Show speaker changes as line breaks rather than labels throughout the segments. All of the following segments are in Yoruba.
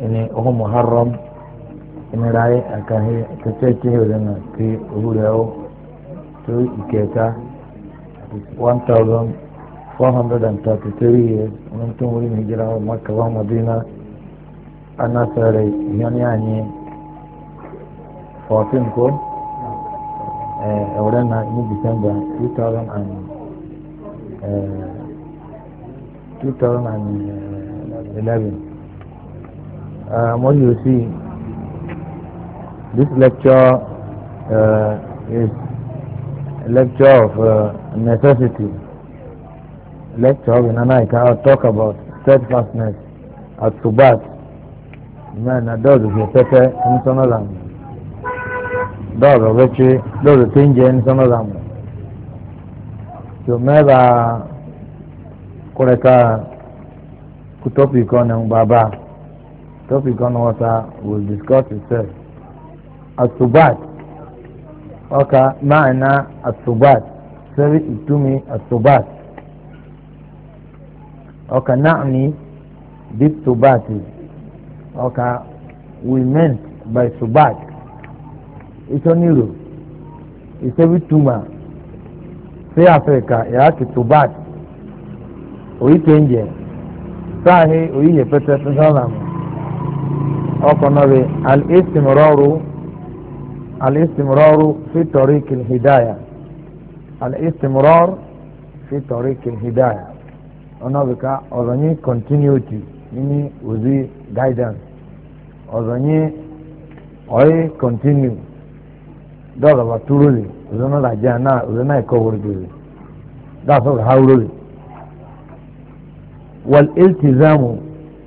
ini ohu muharram ini rai akan he kecece hezana ki uhureo to ikeka 1433 years mun tun wurin hijira wa makka wa madina ana sare yani anyi 14 ko eh awran na ni december 2000 and 2011 eh, um, what you see this lecture uh, is a lecture of uh, necessity lecture of Inanaika I'll talk about steadfastness at Subat man does if you pete in Sonolam does of which does a thing in Sonolam so mera kureka kutopi kona mbaba topic on water will discuss itself. Asubat. Okay, ma'ana asubat. Sari itumi asubat. Okay, na'ni bitubati. Okay, we meant by subat. It's on you. It's every tumor. Say Africa, yaki tubat. Oyi kenje. Sahi oyi yepete sasalamu. ọkọ̀nọ́rẹ̀ alìsìmọ̀rọ̀rù alìsìmọ̀rọ̀rù fìtọ̀rí kìlìhìdáyà alìsìmọ̀rọ̀rù fìtọ̀rí kìlìhìdáyà ọ̀nàbìkà ọ̀rọ̀ yín continuity ní òzí guidance ọ̀rọ̀ yín ọ̀yẹ́ continue dọ́ọ̀rọ̀ bá túró lè òzò náà làjá náà òzò náà ẹ̀kọ́ wọlé gbèrè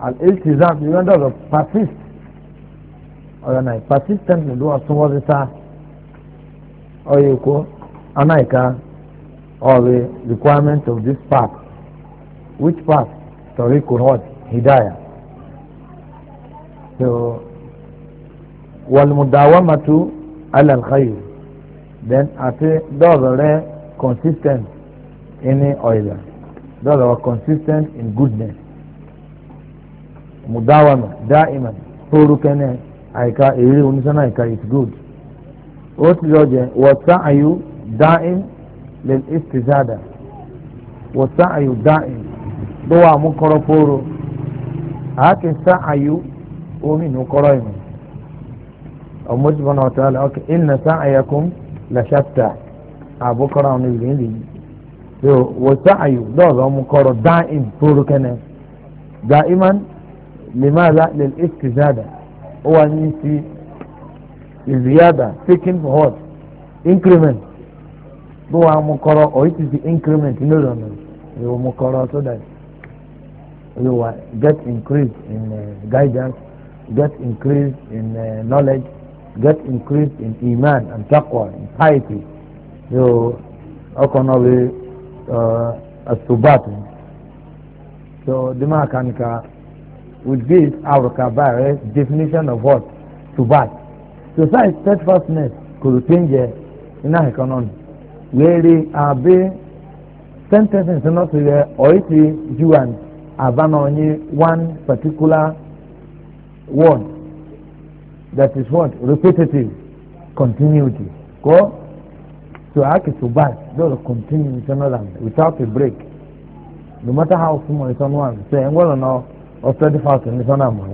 al-iltizam you want to persist ọ̀rọ̀ náà persistent ló wà tún wọ́n ti sá ọ̀rọ̀ èkó anáìka ọ̀rọ̀ requirement of this path which path torí kò hot hidaya so wàlmùdàwámàtú alàlxayò then àti dọ́ọ̀rọ̀ rẹ consistent in oil. ọ̀yà dọ́ọ̀rọ̀ consistent in goodness mudawama daiman tóoru kẹ́nẹ́ àyíká èrè oníṣẹ́nà àyíká is good ó ti lọ jẹ wọ́sàáyù daim lè istizada wọ́sàáyù daim ló wà mú kọ́rọ́ fóró àákè sàáyù omi nù kọ́rọ́ ìmọ̀ ọmọdé bọ́nà ọ̀tá ọ̀la ọ̀kẹ́ ìnà sàáyàkùn làṣàtà àbúkọ́rọ́ àwọn ìlú ìlú yìí wọ́sàáyù lọ́ọ̀lọ́ mú daim tóoru daiman. لماذا للاستزادة هو نسي الزيادة seeking for what increment ló wà mọ̀kọ́rọ̀ or it is the increment ní ìlànà yóò mọ̀kọ́rọ̀ so that you get increased in uh, guidance get increased in uh, knowledge get increased in iman and taqwa and piety yóò ọkọ̀ náà wí asubat so dima uh, kanika. Uh, with this arukabar eh, definition of what to bat to sign steadfastness kòrò péńjẹ iná ìkànnì wéèrè àbí sentencing tí wọ́n ti rẹ ọ̀rí ti juan àbáná ní one particular word that is what repetitive continuity kò to act to bat lọ́dọ̀ continue internal without a break no matter how small it's on one ṣe ń gbọ́dọ̀ náà ọ̀sẹ̀ dífàsì ní sọ́nà àmọ́